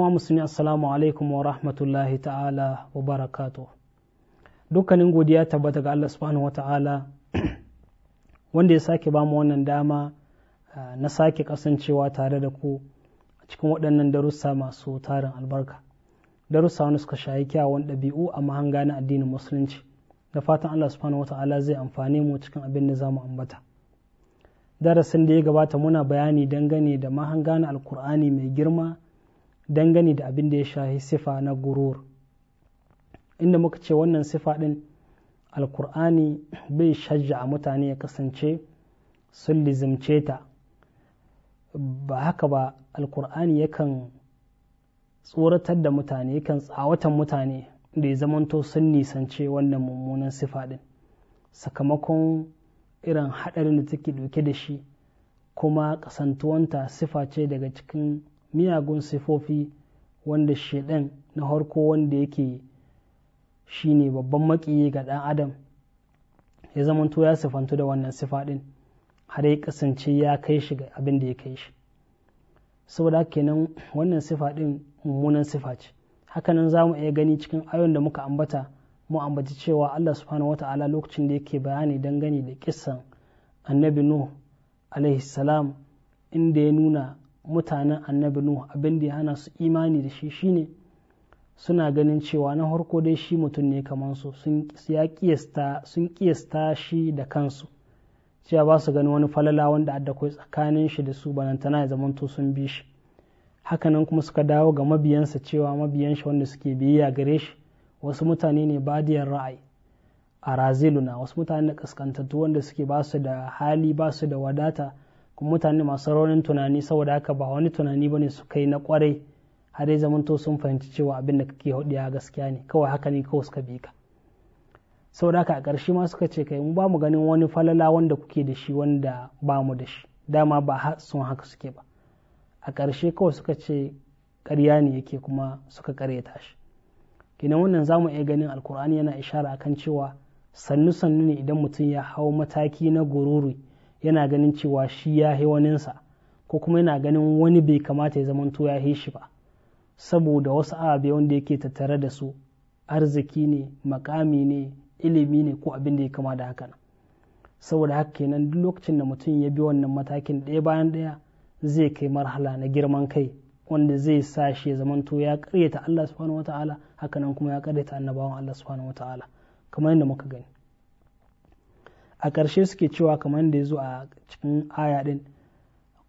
wa musulmi assalamu alaikum wa rahmatullahi ta'ala wa barakatu dukkanin godiya tabbata ga Allah subhanahu wa ta'ala wanda ya sake ba mu wannan dama na sake kasancewa tare da ku a cikin waɗannan darussa masu tarin albarka darussa wani suka shayi kyawun ɗabi'u a mahanga na addinin musulunci da fatan Allah subhanahu wa ta'ala zai amfane mu cikin abin da zamu ambata darasin da ya gabata muna bayani dangane da mahanga na alkur'ani mai girma dangane da abin da ya shahi sifa na gurur inda muka ce wannan sifa din, alkur'ani bai shajja a mutane ya kasance sun lizimce ta ba haka ba alkur'ani yakan tsoratar da mutane yakan tsawatan mutane da ya zamanto sun nisance wannan mummunan sifa din, sakamakon irin haɗarin da take ɗauke da shi kuma kasantuwanta sifa ce daga cikin miyagun sifofi wanda shaidan na harko wanda yake shine babban makiyi ga ɗan adam ya zamanto ya sifantu da wannan sifa ɗin har ya kasance ya kai shi ga abin da ya kai shi saboda haka kenan wannan sifa ɗin mummunan sifa ce hakanan za mu iya gani cikin ayon da muka ambata mu ambaci cewa Allah subhanahu ta'ala lokacin da yake bayani dangane da kissan annabi nuh alaihi salam inda ya nuna mutanen annabi nuhu abin da ya hana su imani da shi shine suna ganin cewa na harko dai shi mutum ne kamar su sun kiyasta shi da kansu cewa ba su gani wani falala wanda adda tsakanin shi da su balantana ya zamanto sun bi shi hakanan kuma suka dawo ga mabiyansa cewa mabiyan shi wanda suke biyayya gare shi wasu mutane ne badiyar ra'ayi a raziluna wasu mutane da kaskantattu wanda suke ba su da hali ba su da wadata mutane masu raunin tunani saboda haka ba wani tunani bane su kai na kwarai har ya zamanto sun fahimci cewa abin da kake hudiya gaskiya ne kawai haka ne kawai suka bi ka saboda haka a ƙarshe ma suka ce kai mu ba mu ganin wani falala wanda kuke da shi wanda ba mu da shi dama ba sun haka suke ba a ƙarshe kawai suka ce ƙarya ne yake kuma suka ƙaryata shi kenan wannan za mu iya ganin alkur'ani yana ishara akan cewa sannu sannu ne idan mutum ya hau mataki na gururi yana ganin cewa shi ya yi waninsa ko kuma yana ganin wani bai kamata ya zamanto ya yi shi ba saboda wasu ababe wanda yake tattare da su arziki ne makami ne ilimi ne ko abin da ya kama da haka saboda haka kenan duk lokacin da mutum ya bi wannan matakin ɗaya bayan ɗaya zai kai marhala na girman kai wanda zai sa shi ya zamanto ya karyata Allah subhanahu wataala hakanan kuma ya karyata annabawan Allah subhanahu wataala kamar yadda muka gani a ƙarshe suke cewa kamar da ya zo a cikin aya ɗin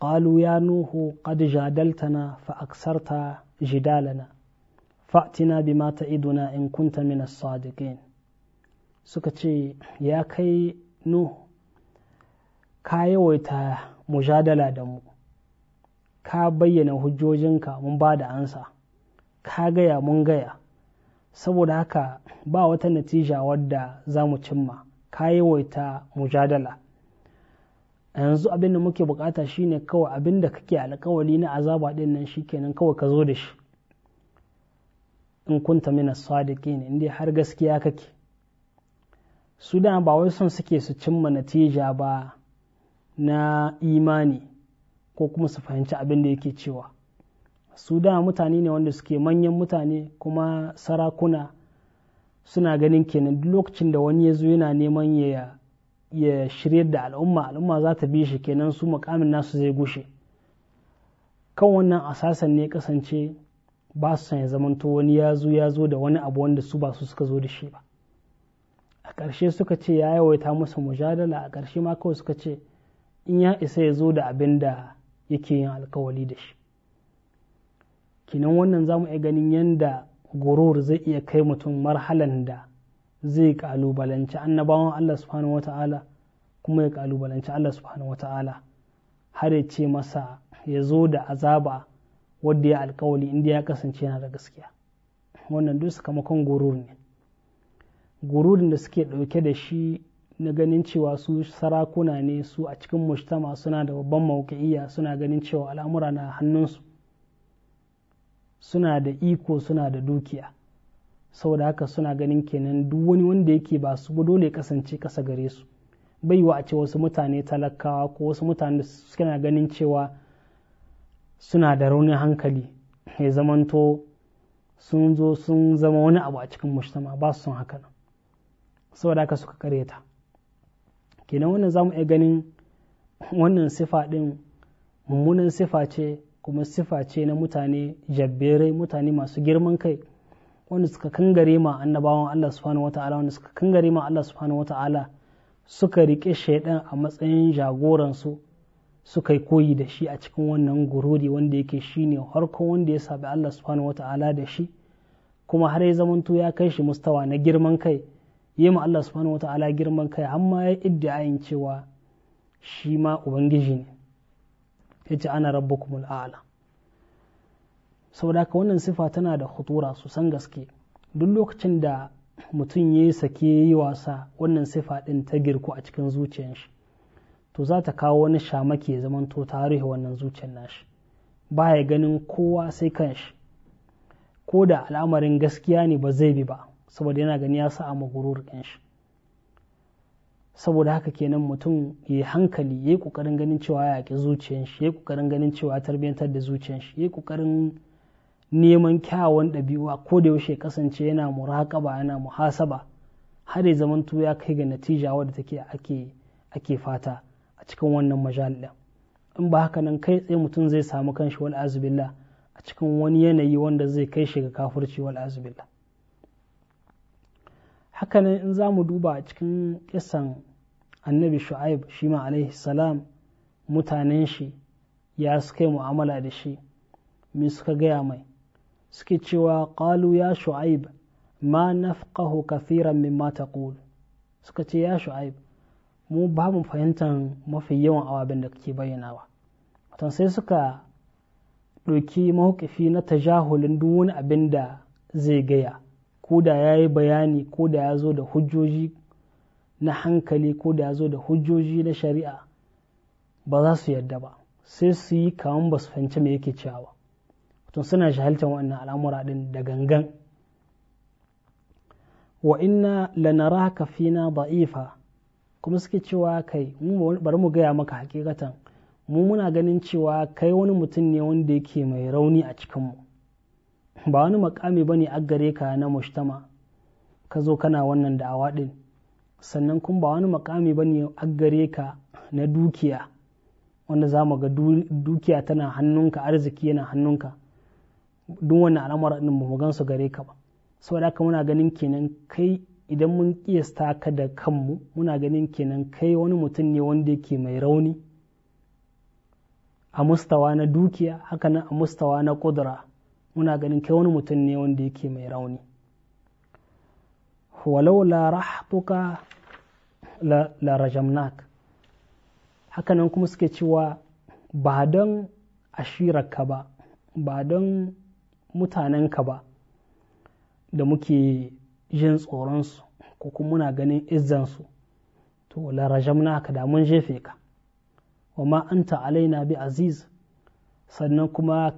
ƙalu ya nuhu qad jadaltana fa aksarta jidalana fa'tina bima iduna in kunta min sadiƙin sadiqin suka ce ya kai nuhu ka yawaita mujadala da mu ka bayyana hujjojinka mun ba da ansa ka gaya mun gaya saboda haka ba wata natija wadda za mu cimma ka yawaita mujadala yanzu abin da muke bukata shine kawai abin da kake alkawali na azaba din nan shikenan kawai ka zo da shi in kunta mina ne inda har gaskiya kake su da ba wai son suke su cimma natija ba na imani ko kuma su fahimci abin da yake cewa su da mutane ne wanda suke manyan mutane kuma sarakuna suna ganin kenan duk lokacin da wani ya zo yana neman ya shiryar da al'umma al'umma za ta bi shi kenan su makamin nasu zai gushe kan wannan asasan ne kasance ba su san ya zamanto wani ya zo ya zo da wani abu wanda su ba su suka zo da shi ba a ƙarshe suka ce ya yawaita masa mujadala a ƙarshe ma kawai suka ce in ya isa ya zo da abin da yake yin alkawali da shi kinan wannan za mu iya ganin yadda gurur zai iya kai mutum marhalan da zai kalubalanci annabawan Allah subhanahu wata'ala kuma ya kalubalanci Allah subhanahu wata'ala har ya ce masa ya zo da azaba wadda ya alkawali inda ya kasance yana da gaskiya wannan duk sakamakon gurur ne gururin da suke ɗauke da shi na ganin cewa su sarakuna ne su a cikin mujtama suna da babban mauki'iyya suna ganin cewa al'amura na hannunsu suna da iko suna da dukiya saboda haka suna ganin kenan duk wani wanda yake ba su ba dole kasance kasa gare su bai wa a ce wasu mutane talakawa ko wasu mutane suna ganin cewa suna da raunin hankali ya zamanto sun zo sun zama wani abu a cikin mujtama ba su son haka nan saboda haka suka ta kenan wannan za mu iya ganin wannan sifa din mummunan sifa ce kuma sifa ce na mutane jabberai mutane masu girman kai wanda suka kangare ma annabawan Allah subhanahu wata'ala wanda suka kangare ma Allah subhanahu wata'ala suka rike shaidan a matsayin jagoransu suka yi koyi da shi a cikin wannan gururi wanda yake shine harkon wanda ya sabi Allah subhanahu wata'ala da shi kuma har ya zamanto ya kai shi mustawa na girman kai yi ma Allah subhanahu wata'ala girman kai amma ya ya yin cewa shi ma ubangiji ne ce ana rabbukumul a'la saboda haka wannan sifa tana da khutura san gaske duk lokacin da mutum ya yi sake yi wasa wannan sifa din ta girku a cikin zuciyar shi to za ta kawo wani shamaki ya zamanto tarihi wannan zuciyar nashi ba ya ganin kowa sai kan shi ko da al'amarin gaskiya ne ba zai bi ba saboda yana gani ya sa a magurur shi. saboda haka kenan mutum ya yi hankali ya yi ƙoƙarin ganin cewa ya yaƙi zuciyar shi ya yi ƙoƙarin ganin cewa ya tarbiyyantar da zuciyar shi ya yi ƙoƙarin neman kyawawan ɗabi'a ko da yaushe kasance yana muraƙaba yana muhasaba har ya zamanto ya kai ga natija wadda take ake ake fata a cikin wannan majal in ba haka nan kai tsaye mutum zai samu kanshi wal azubillah a cikin wani yanayi wanda zai kai shi ga kafirci wal azubillah haka in za mu duba a cikin kisan annabi shu'aib shi ma alaihi salam mutanen shi ya suka yi mu'amala da shi mi suka gaya mai suke cewa qalu ya shu'aib ma nafqahu kathiran mimma taqul suka ce ya shu'aib mu ba mu fahimtar mafi yawan awabin da kake bayyanawa watan sai suka ɗauki mawukifi na tajahulin duk wani abin da zai gaya ko da ya yi bayani ko da ya zo da hujjoji na hankali ko da ya zo da hujjoji na shari'a ba za su yarda ba sai su yi kawun ba su fahimci me yake cewa ba tun suna shahaltar wannan al'amura din da gangan wa inna lanaraka fina baifa kuma suke cewa kai bari mu gaya maka hakikatan mu muna ganin cewa kai wani mutum ne wanda yake mai rauni a cikinmu ba wani makami bane a gare ka na mushtama ka zo kana wannan da'awa din sannan kun ba wani makami ba ne a gare ka na dukiya wanda za mu ga dukiya tana hannunka arziki yana hannunka duk wani al'amura ɗin ba mu gan su gare ka ba saboda haka muna ganin kenan kai idan mun kiyasta ka da kanmu muna ganin kenan kai wani mutum ne wanda yake mai rauni a mustawa na dukiya hakanan a mustawa na kudura muna ganin kai wani mutum ne wanda yake mai rauni walau la rahtuka la rajamnak hakanan kuma suke cewa ba don ashirarka ba ba don mutanenka ba da muke jin tsoronsu ko kuma muna ganin izzansu to la rajamnaka da mun jefe ka wa ma anta alaina bi aziz sannan kuma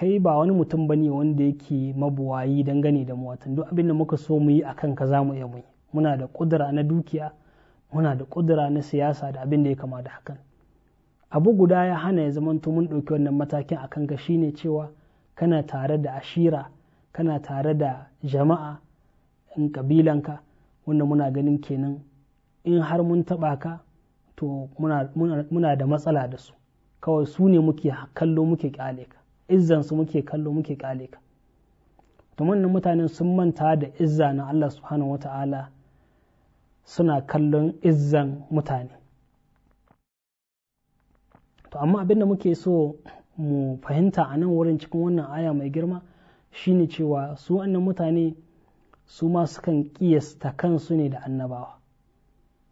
kai ba wani mutum ba ne wanda yake mabuwayi dangane da mu watan duk abin da muka so mu yi a kanka za mu iya mu muna da kudura na dukiya muna da kudura na siyasa da abin da ya kama da hakan abu guda ya hana ya zamanto mun ɗauki wannan matakin a kanka shine cewa kana tare da ashira kana tare da jama'a in kabilanka wanda muna ganin kenan in har mun taɓa ka to muna da matsala da su kawai su ne muke kallo muke ƙyale ka izzansu muke kallo muke kale ka to wannan mutanen sun manta da izza na Allah subhanahu wata'ala suna kallon izzan mutane to amma abin da muke so mu fahimta a nan wurin cikin wannan aya mai girma shine cewa su wannan mutane su ma sukan kiyasta kansu ne da annabawa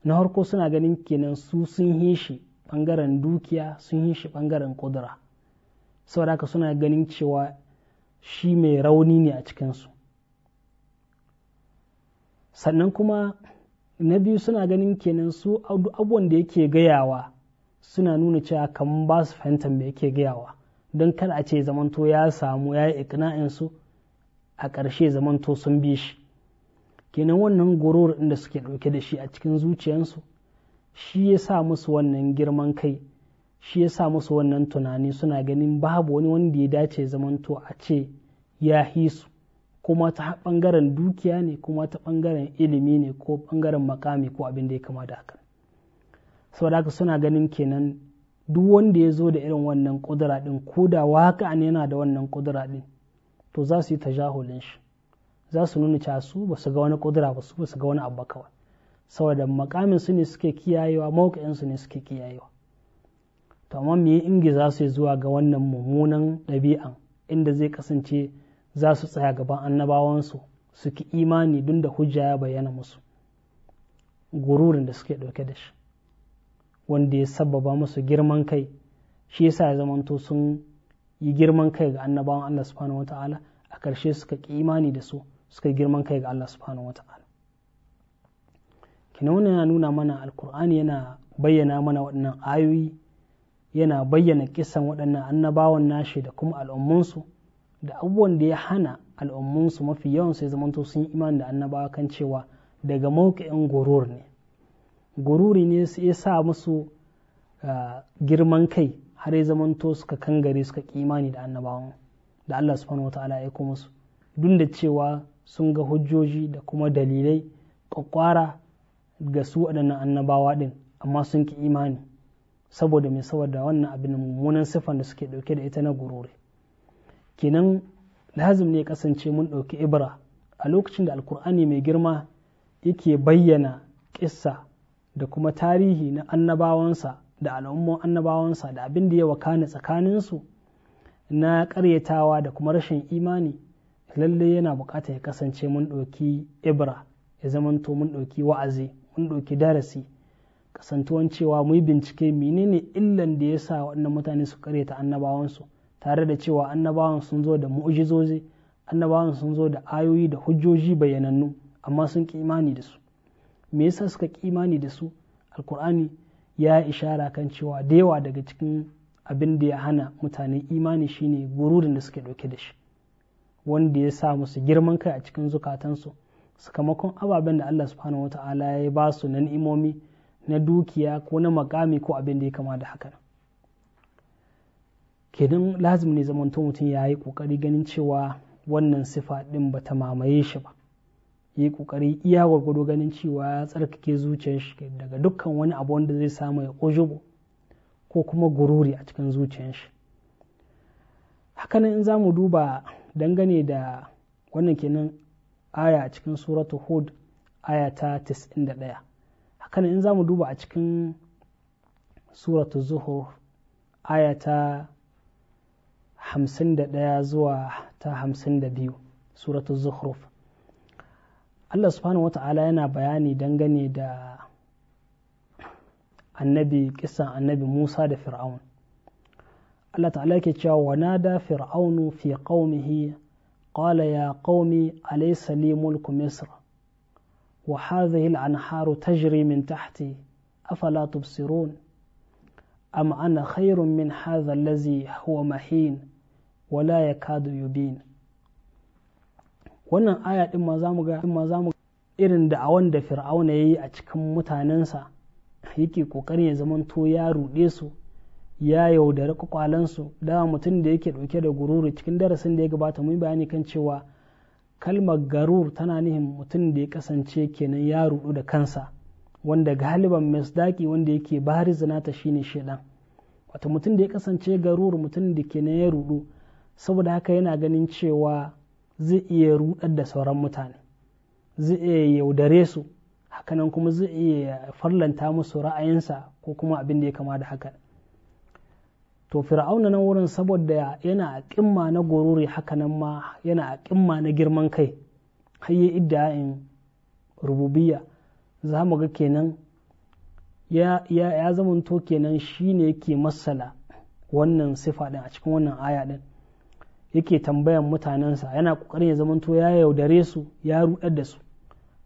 na harko suna ganin kenan su sun yi shi ɓangaren dukiya sun yi shi ɓangaren kudura saboda haka suna ganin cewa shi mai rauni ne a cikinsu sannan kuma na biyu suna ganin kenan su abubuwan da yake gayawa suna nuna cewa kamar ba su fahimtar me yake gayawa don kada a ce zamanto ya samu ya yi su a ƙarshe zamanto sun bi shi kenan wannan gurur inda suke ɗauke da shi a cikin zuciyarsu shi ya sa musu wannan girman kai shi ya sa musu wannan tunani suna ganin babu wani wanda ya dace zamanto a ce ya hisu kuma ta ɓangaren dukiya ne kuma ta bangaren ilimi ne ko ɓangaren makami ko abin da ya kama da Sau da haka suna ganin kenan duk wanda ya zo da irin wannan kudura din ko da waka ne yana da wannan kudura ɗin to za su yi tajahulin shi za su nuna cewa su ba su ga wani kudura ba su ba su ga wani abu kawai saboda makamin su ne suke kiyayewa mawuƙin su ne suke kiyayewa to amma me inge za su zuwa ga wannan mummunan ɗabi'an inda zai kasance za su tsaya gaban annabawansu su ki imani dun da hujja ya bayyana musu gururin da suke ɗauke da shi wanda ya sababa musu girman kai shi yasa ya zamanto sun yi girman kai ga annabawan Allah subhanahu wata'ala a ƙarshe suka ki imani da su suka yi girman kai ga Allah subhanahu wata'ala kina yana nuna mana alkur'ani yana bayyana mana waɗannan ayoyi yana bayyana kisan waɗannan annabawan nashi da kuma al'ummunsu da abubuwan da ya hana al'ummunsu mafi yawan sai zamanto sun yi imani da annabawa kan cewa daga mawuƙin gurur ne gururi ne su ya sa musu ah, girman kai har ya zamanto suka kangare suka imani da annabawan da Allah subhanahu wata'ala ya kuma su duk da cewa sun ga hujjoji da kuma dalilai kwakwara ga su waɗannan annabawa ɗin amma sun ki imani saboda mai saboda wannan abin mummunan siffar da suke ɗauke da ita na gurure kenan lazim ne kasance mun ɗauki ibra a lokacin da alkur'ani mai girma yake bayyana ƙissa da kuma tarihi na annabawansa da al'umman annabawansa da abin da ya wakana tsakaninsu na karyatawa da kuma rashin imani lalle yana bukata ya kasance mun ɗauki ibra ya zamanto mun ɗauki wa'azi mun ɗauki darasi kasantuwan cewa mu yi bincike menene illan da ya sa waɗannan mutane su karyata annabawansu tare da cewa annabawan sun zo da mu'ujizozi annabawan sun zo da ayoyi da hujjoji bayyanannu amma sun ki imani da su me yasa suka ki imani da su alkur'ani ya ishara kan cewa da yawa daga cikin abin da ya hana mutane imani shine gururin da suke ɗauke da shi wanda ya sa musu girman kai a cikin zukatansu sakamakon ababen da Allah subhanahu wata'ala ya ba su na ni'imomi na dukiya ko na makami ko abin da ya kama da haka kenan lazim ne zamanto mutum ya yi ƙoƙari ganin cewa wannan sifa din ba ta mamaye shi ba yi kokari iya gwargwado ganin cewa ya tsarkake zuciyar shi daga dukkan wani abu wanda zai samu ya ojubo ko kuma gururi a cikin zuciyar shi hakanan in za mu duba dangane da wannan kenan aya a cikin suratu hud aya ta 91 hakanan in za mu duba a cikin suratu zuhur aya ta 51 zuwa ta 52 suratu zuhruf Allah subhanahu wata'ala yana bayani dangane da annabi kisan annabi Musa da Fir'aun Allah ta'ala ke cewa wanada fir'aunu fi qaumihi qala ya qaumi alaysa li mulku misra وهذه الأنهار تجري من تحتي أفلا تبصرون أم أنا خير من هذا الذي هو مهين ولا يكاد يبين wannan aya din ma za mu zamu irin da'awan da fir'auna yayi a cikin mutanensa yake kokarin ya zamanto ya ruɗe su ya yaudari kwakwalensu da mutum da yake dauke da gururu cikin darasin da ya gabata mun bayani kan cewa kalmar garur tana nihin mutum da ya kasance kenan ya rudu da kansa wanda galiban mesdaki wanda yake bari zinata shine shedan wato mutum da ya kasance garur mutum da kenan ya rudu saboda haka yana ganin cewa zai iya rudar da sauran mutane zai iya yaudare su hakanan kuma zai iya farlanta musu ra'ayinsa ko kuma abin da ya kama da haka to fir'auna nan wurin saboda yana a kimma na goruri hakanan ma yana a kimma na girman kai har ya idda'in rububiyya za mu ga kenan ya ya zamanto kenan shine yake masala wannan sifa din a cikin wannan aya din yake tambayan mutanensa yana kokarin ya zamanto ya yaudare su ya rudar da su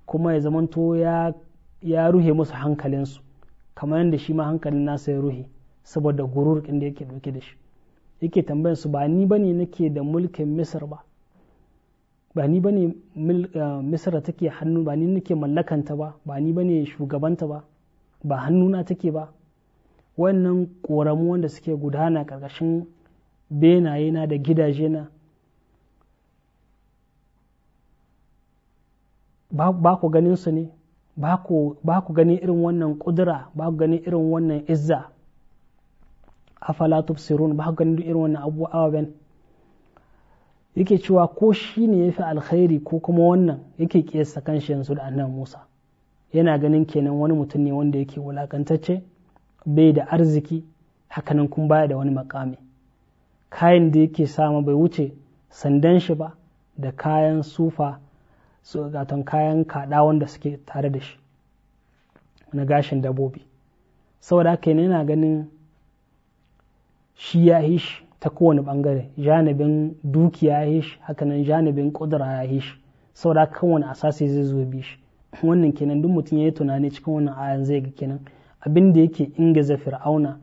kuma ya zamanto ya ya ruhe musu hankalinsu kamar yadda shi ma hankalin nasa ya ruhe saboda gurur ɗin da yake ɗauke da shi yake tambayar su ba ni bane nake da mulkin misir ba ba ni bane eh, misir take hannu ba ni nake mallakanta ba ba ni bane shugabanta ba ba hannuna take ba wannan ƙoramu wanda suke gudana ƙarƙashin benaye na da gidaje na ba ku ganin su ne ba ku ganin irin wannan ƙudura ba ku ganin irin wannan izza afala sirun ba ganin duk irin wannan abubuwa yake cewa ko shi ne ya fi alkhairi ko kuma wannan yake kiyasta kanshi yanzu da annabi Musa yana ganin kenan wani mutum ne wanda yake wulakantacce bai da arziki hakanan kun baya da wani makami kayan da yake sama bai wuce sandan shi ba da kayan sufa su gaton kayan kaɗa wanda suke tare da shi na gashin dabobi saboda haka yana ganin shi ya yi ta kowane bangare janibin dukiya ya yi shi hakanan janibin kudura ya yi shi saboda kan wani asasi zai zo bi shi wannan kenan duk mutum ya yi tunani cikin wannan ayan zai ga kenan abin da yake ingaza fir'auna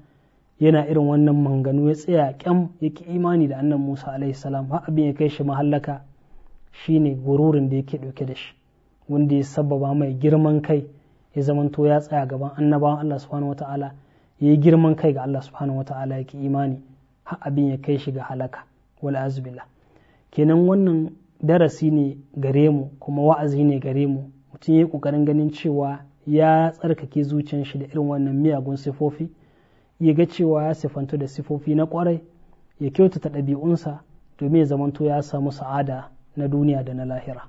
yana irin wannan manganu ya tsaya kyam yake imani da annan musa alaihi salam har abin ya kai shi mahallaka ne gururin da yake dauke da shi wanda ya sababa mai girman kai ya zamanto ya tsaya gaban annabawan allah subhanahu wataala ya yi girman kai ga Allah subhanahu wata'ala ki imani har abin ya kai shi ga halaka wal azbillah kenan wannan darasi ne gare mu kuma wa'azi ne gare mu mutum ya yi kokarin ganin cewa ya tsarkake zuciyar shi da irin wannan miyagun sifofi ya ga cewa ya sifanto da sifofi na kwarai ya kyautata ɗabi'unsa domin ya zamanto ya samu sa'ada na duniya da na lahira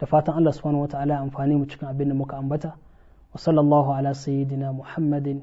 da fatan Allah subhanahu wataala amfani mu cikin abin da muka ambata wa sallallahu ala sayyidina muhammadin